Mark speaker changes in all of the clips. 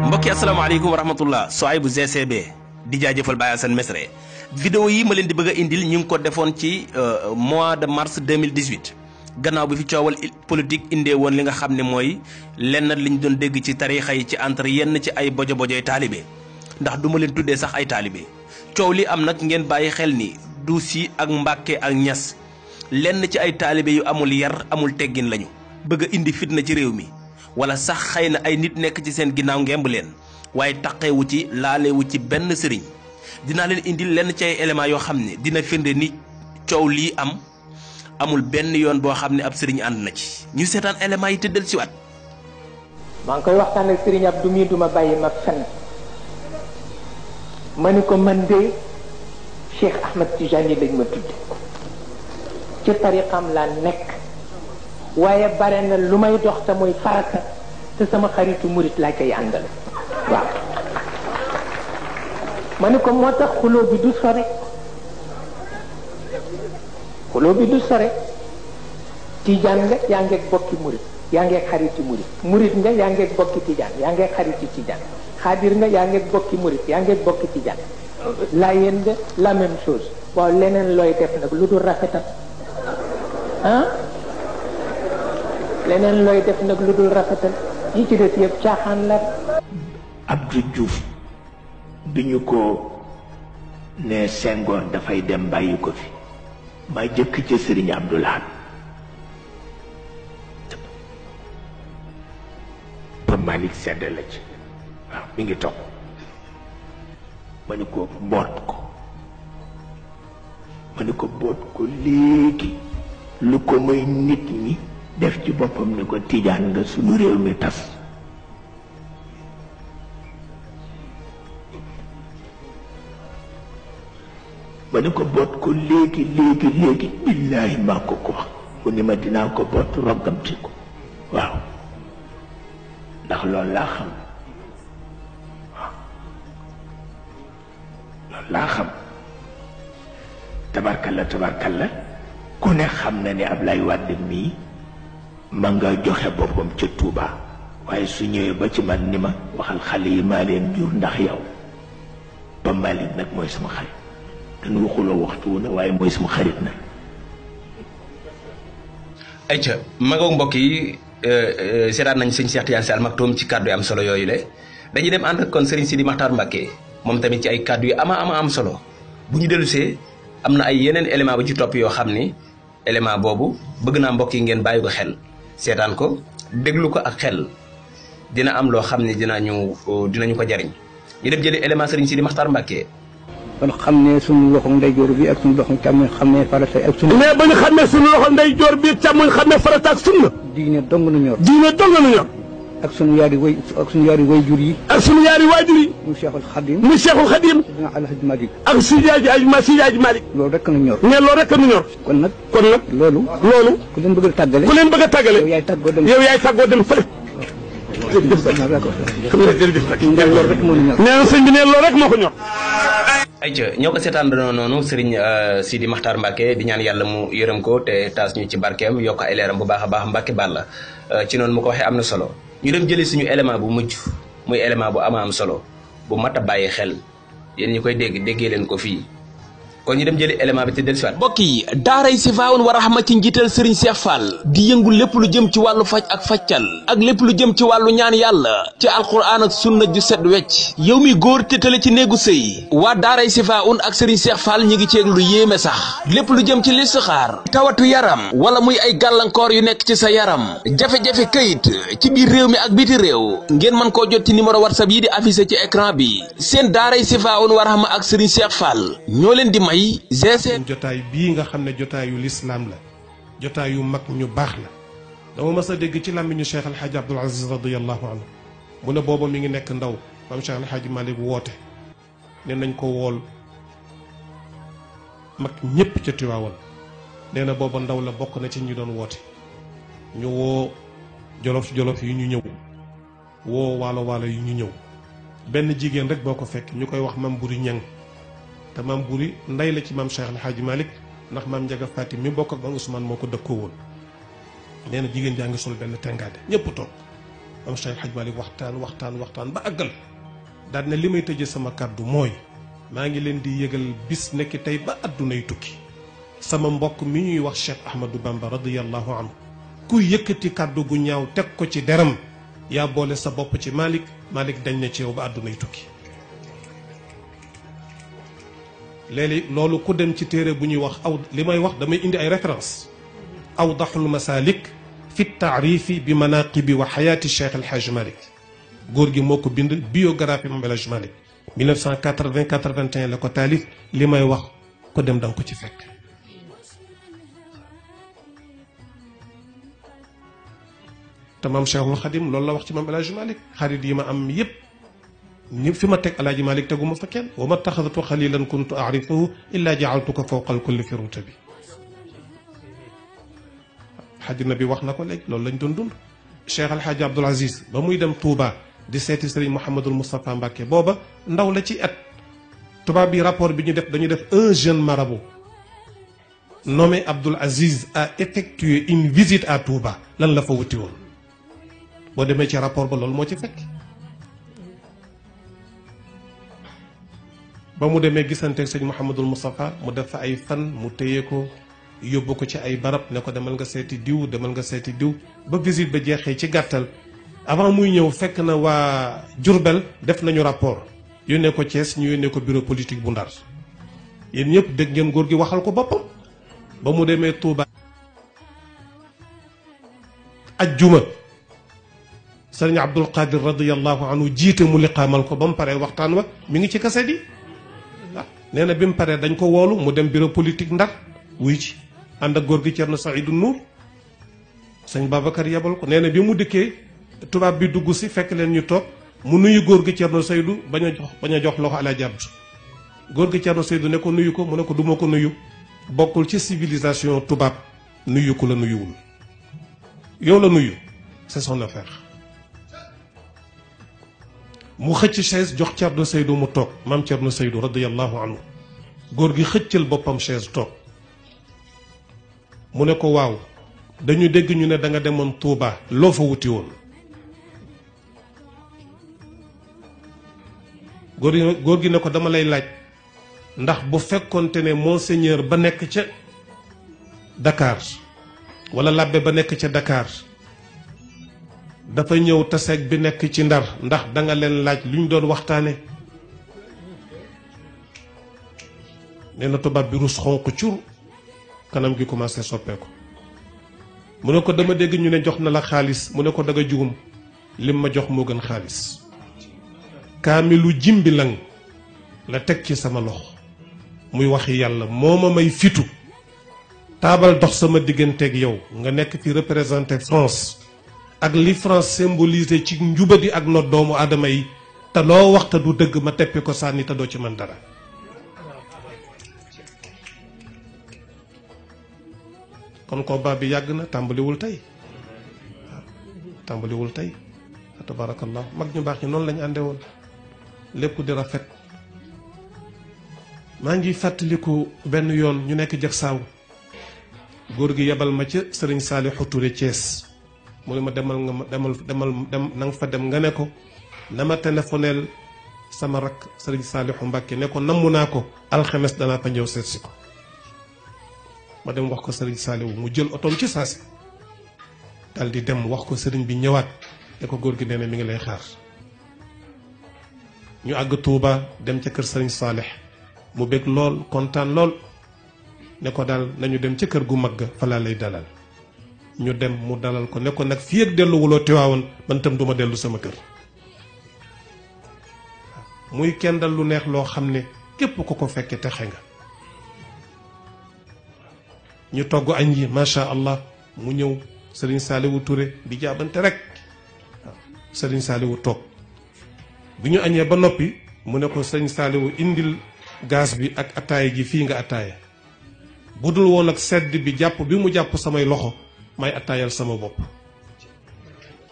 Speaker 1: mbokki asalaamaaleykum wa rahmatullah bu GCB di jaajëfal Baye Assane Mesre video yi ma leen di bëgg a indil ñu ngi ko defoon ci euh, mois de mars 2018 gannaaw bi fi coowal politique indee woon li nga xam ne mooy lenn li ñu doon dégg ci tariixa yi ci entre yenn ci ay bojo bojo taalibe ndax du ma leen tuddee sax ay taalibe coow li am nag ngeen bàyyi xel ni duus yi ak mbàkke ak ñas lenn ci ay taalibe yu amul yar amul teggin lañu bëgg a indi fitna ci réew mi wala sax xëy na ay nit nekk ci seen ginnaaw ngemb leen waaye taqeewu ci laalewu ci benn sëriñ dinaa leen indil lenn ci ay éléments yoo xam ne dina firnde ni coow lii am amul benn yoon boo xam ne ab sëriñ ànd na ci ñu seetaan éléments yi tëddal si at maa ngi koy
Speaker 2: waxtaan ak sëriñ ab du duma bàyyi ma fenn ma ni ko man de Cheikh Ahmed Tijani lañ ma tudde ci tariqam laa nekk. waaye bare na lu may dox te muy farata te sama xaritu murit laa koy àndal waaw ma ne ko moo tax xuloo bi du sore xuloo bi du sore tijaan nga yaa ngeeg bokki murit yaa ngeeg xariti murit murit nga yaa ngeeg bokki tijaan yaa ngeeg xariti tijaan xaadir nga yaa ngeeg bokki murit yaa ngeeg bokki tijaan laa yéen nga la même chose waaw leneen looy def nag lu dul rafetal leneen looy def nag lu dul rafetal yi ci des yëpp caaxaan la Abdou juuf bi ñu ko ne Senghor dafay dem bàyyi ko fi ma jëkk ci Sëriñ Abdou Lahad ba Malick sedd la ci waaw mi ngi toog ma ni ko boot ko ma ni ko boot ko léegi lu ko may nit ñi def ci boppam ni ko tiijaan nga sunu réew mi tas ma ni ko boot ko léegi léegi léegi billaahi maa ko ko wax mu ni ma dinaa ko boot roggamti ko waaw ndax loolu laa xam waaw loolu laa xam tabarkalla tabarkalla ku ne xam na ni Ablaye Wade mii man nga joxe ya bopam ci Touba waye su ñewé ba ci man nima waxal xali ma leen jur ndax yow ba malik nak moy sama xarit kan waxu lo waxtu na waye moy sama xarit nag
Speaker 1: ayca magoog mbok yi eh, eh, seetaan nañ sëñ Cheikh Tidiane sal Maktoum ci cadeau am solo yooyu le dañuy dem and ak kon Serigne Sidi Makhtar mbake mom tamit ci ay cadeau yu ama ama am solo bu ñu dellusee amna ay yenen élément bu ci top yo xamni élément bobu bëgg na mbokk yi ngeen bayiko xel seetaan ko déglu ko ak xel dina am loo xam ne dinañu dinañu ko jariñ ñu dem jëli élément sëriñ si di Maxtaar Mbàkke kon xam ne suñu loxo ndeyjoor bi ak suñu loxo càmmoñ xam ne farata ak sunna loxo ndeyjoor bi càmmoñ xam ne farata ak sunna diine dong na ñor diine dong na ñor ak sunu yaari way ak sunu yaari way jur yi. ak sunu yaari waajur yi. muy Cheikhul Khadim. mu Cheikhul Khadim. dina El Hadj Malick. ak Sidi Hadj Malick. loolu rek nu ñor. mais loolu rek nu ñor. kon nag. kon nag loolu. loolu. ku bëgg tàggale. ku leen bëgg tàggale. yow yaay tàggoo dem yow yaay tàggoo dem fële. jërëjëf Sadio jërëjëf Sadio. nee na sëñ bi ne loolu rek moo ko ñor. ayca ñoo ko seetaandoo noonu Serigne euh, Sidi Makhtar Mbacke di ñaan yàlla mu yërëm ko te taas ñu ci barkeem yokk ay leeram bu baax a baax Mbacke Balla euh, ci noonu mu ko waxee am na solo ñu dem jëlee suñu élément bu mujj muy élément bu ama am solo bu mat a bàyyi xel yéen ñu koy dégg déggee leen ko fii kon ñu dem jël élément bi té del siwaat mbokk yi daaray sifaawun wa rahma ci njiital serigne cheikh fall di yëngu lepp lu jëm ci walu fajj ak faccal ak lepp lu jëm ci walu ñaan yalla ci alquran ak sunna ju set wécc yow mi góor tëtale ci négu sey wa daara daaray sifaawun ak serigne cheikh fall ñi ngi ceeg lu yéme sax lepp lu jëm ci listixaar tawatu yaram wala muy ay galankor yu nekk ci sa yaram jafé jafé keuyit ci biir réew mi ak biti réew ngeen man ko jot ci numéro whatsapp yi di afficher ci écran bi seen daaray sifaawun wa rahma ak serigne cheikh
Speaker 3: fall ñoo leen di may GCM jotaay bii nga xam ne jotaayu lislaam la jotaayu mag ñu baax la dama mas a dégg ci làmmiñu Cheikh El Hadj Abdoul Aziz radiyallahu anhu mu ne booba mi ngi nekk ndaw maam Cheikh El Hadj Malick woote ne nañ ko wool mag ñëpp ca Tiwaawan nee na booba ndaw la bokk na ci ñu doon woote ñu woo jolof jolof yi ñu ñëw woo waalo waalo yi ñu ñëw benn jigéen rek boo ko fekk ñu koy wax mam buri ñang te maam Buri ndey la ci maam Cheikh El Hadj Malick ndax maam Ndiaga Fatim mi bokk ak maam Ousmane moo ko dëkkoo woon nee na jigéen jaa ngi sol benn tengaade ñëpp toog maam Cheikh El Hadj Malick waxtaan waxtaan waxtaan ba àggal daal ne li may tëje sama kàddu mooy maa ngi leen di yëgal bis nekki tey ba addunay tukki sama mbokk mi ñuy wax Cheikh Ahmadou Bamba radiyallahu anhu ku yëkkati kàddu gu ñaaw teg ko ci deram yaa boole sa bopp ci Malick Malick dañ ne ci ba addunay tukki léegi loolu ku dem ci téere bu ñuy wax aw li may wax damay indi ay référence awdaxul masalik fi taarifi bi manaqibi wa xayaati cheikh alhaj malik góor gi moo ko bind biographie moom alhaj malik 1980 81 la ko taalif li may wax ko dem danga ko ci fekk te maam cheikhul xadim loolu la wax ci maam alhaj malik xarit yi ma am yépp فيما تك على جمالك تقوم فكان وما اتخذت خليلا كنت أعرفه إلا جعلتك فوق الكل في رتبي حاج النبي وحنا كوليك لولا ندون شيخ الحاج عبد العزيز بمو يدم توبا دي سيتي سري محمد المصطفى مباكي بابا ندولة تي أت توبا بي بيني بني دف دني دف أن مرابو نومي عبد العزيز a effectué une visite à Touba lan la fa wuti won bo démé ba mu demee gisanteeg sëñ Mouhamadul Moustapha mu def fa ay fan mu téye ko yóbbu ko ci ay barab ne ko demal nga seeti diw demal nga seeti diw ba visite ba jeexee ci gàttal avant muy ñëw fekk na waa Jurbel def nañu rapport yónnee ko Thiès ñu yónnee ko bureau politique bu Ndar yéen ñëpp dégg ngeen góor gi waxal ko boppam ba mu demee Touba. ajjuma sëriñ Abdul Qadir radiyallahu anhu jiite mu liqaamal ko ba mu paree waxtaan wa mi ngi ci kase yi nee na bi mu paree dañ ko woolu mu dem bureau politique ndar wuy ci ànd ak góor gi Thierno Saïdou Nour sëñ Babacar yebal ko nee na bi mu dikkee tubaab bi dugg si fekk leen ñu toog mu nuyu góor gi Thierno Saïdou bañ a jox bañ a jox loxo Alaaji Abdu góor gi Thierno Saïdou ne ko nuyu ko mu ne ko du ma ko nuyu bokkul ci civilisation tubaab nuyu ko la nuyuwul yow la nuyu c'est son affaire mu xëcc chaise jox Thierno Seydou mu toog maam Thierno Seydou radiyallahu anhu góor gi xëccal boppam chaise toog mu ne ko waaw dañu dégg ñu ne danga demoon Touba loo fa wuti woon. góor gi góor gi ne ko dama lay laaj ndax bu fekkonte ne monseigneur ba nekk ca Dakar wala labbe ba nekk ca dakaar dafa ñëw taseeg bi nekk ci ndar ndax danga leen laaj lu ñu doon waxtaane nee na tubaab bi rus xonq cur kanam gi commencé soppeeku mu ne ko dama dégg ñu ne jox na la xaalis mu ne ko daga jugum li ma jox moo gën xaalis kaamilu jimbi lang la teg ci sama loxo muy waxi yàlla moo ma may fitu taabal dox sama digganteeg yow nga nekk fi représenté France ak li France symbolisé ci njubadi ak not doomu aadama yi lo loo waxta du deug ma teppi ko sànni ta do ci man dara kon ko babbi yag na tay tambali wul tay tabarakallah mag ñu bax ñi non lañ andé won lepp di rafet ma ngi fàttaliku ben yoon ñu nekk jag gor gui yabal ma ci serigne touré Thiès mu ne ma demal nga ma demal demal dem na nga fa dem nga ne ko na ma téléphoneel sama rakk sëriñ Saalixu Mbàkke ne ko namm naa ko alxemes danaa fa ñëw seet ko ma dem wax ko sëriñ Saalixu mu jël otoom ci saasi dal di dem wax ko sëriñ bi ñëwaat ne ko góor gi nee na mi ngi lay xaar ñu àgg Tuuba dem ca kër sëriñ Saalix mu bég lool kontaan lool ne ko daal nañu dem ca kër gu mag ga lay dalal ñu dem mu dalal ko ne ko nag fii ak delluwuloo tiwaawoon man tam duma dellu sama kër muy kenn dal lu neex loo xam ne képp ko ko fekke texe nga ñu togg añ yi macha allah mu ñëw sëriñ Saaliwu Ture di jaabante rek waaw sëriñ Saaliwu toog bi ñu añee ba noppi mu ne ko sëriñ Saaliwu indil gaz bi ak attaaya ji fii nga attaaya bu dul woon ak sedd bi jàpp bi mu jàpp samay loxo may atayal sama bop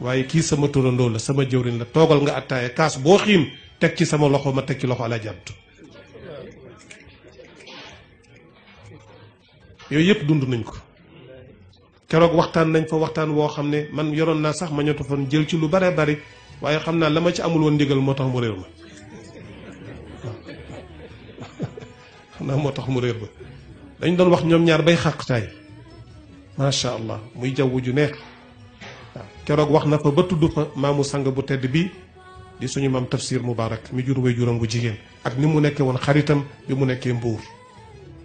Speaker 3: waye ki sama turandoo la sama jeurin la togal nga attaaya kaas bo xim tek ci sama loxo ma tek ci loxo ala jant yoy yep dund nañ ko kérok waxtan nañ fa waxtan wo xamne man yoron na sax ma ñoto fon jël ci lu bare bari waye xamna lama ci amul won digal motax mu reer ma xam motax mu reer ba dañ doon wax ñom ñaar bay tay macha allah muy jaww ju neex keroog wax na fa ba tudd fa maamu sang bu tedd bi di suñu maam tafsir mubarak mi jur way juróom bu jigéen ak ni mu nekkee woon xaritam bi mu nekkee mbuur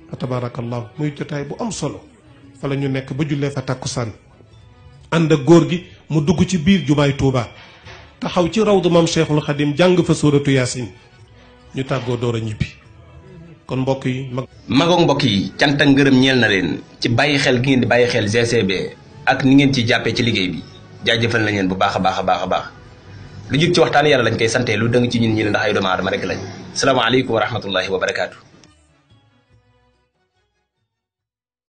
Speaker 3: fa tabaarakallahu muy jotaay bu am solo fa la ñu nekk ba jullee fa tàkkusaan ànd ak góor gi mu dugg ci biir jumaay tuuba taxaw ci rawdu maam cheikhul xadim jàng fa sóoratu yaasin ñu tàggoo door a ñibbi kon mbokk yi mag.
Speaker 1: magoog mbokk yi cant ak ngërëm ñeel na leen ci bàyyi xel gi ngeen di bàyyi xel GCB ak ni ngeen ci jàppee ci liggéey bi jaajëfal na leen bu baax a baax a baax a baax lu jub ci waxtaan yàlla lañ koy sante lu dëng ci ñun ñi leen ndax ay doomu aadama rek lañ salaamaaleykum wa rahmatullahi wa barakaatu.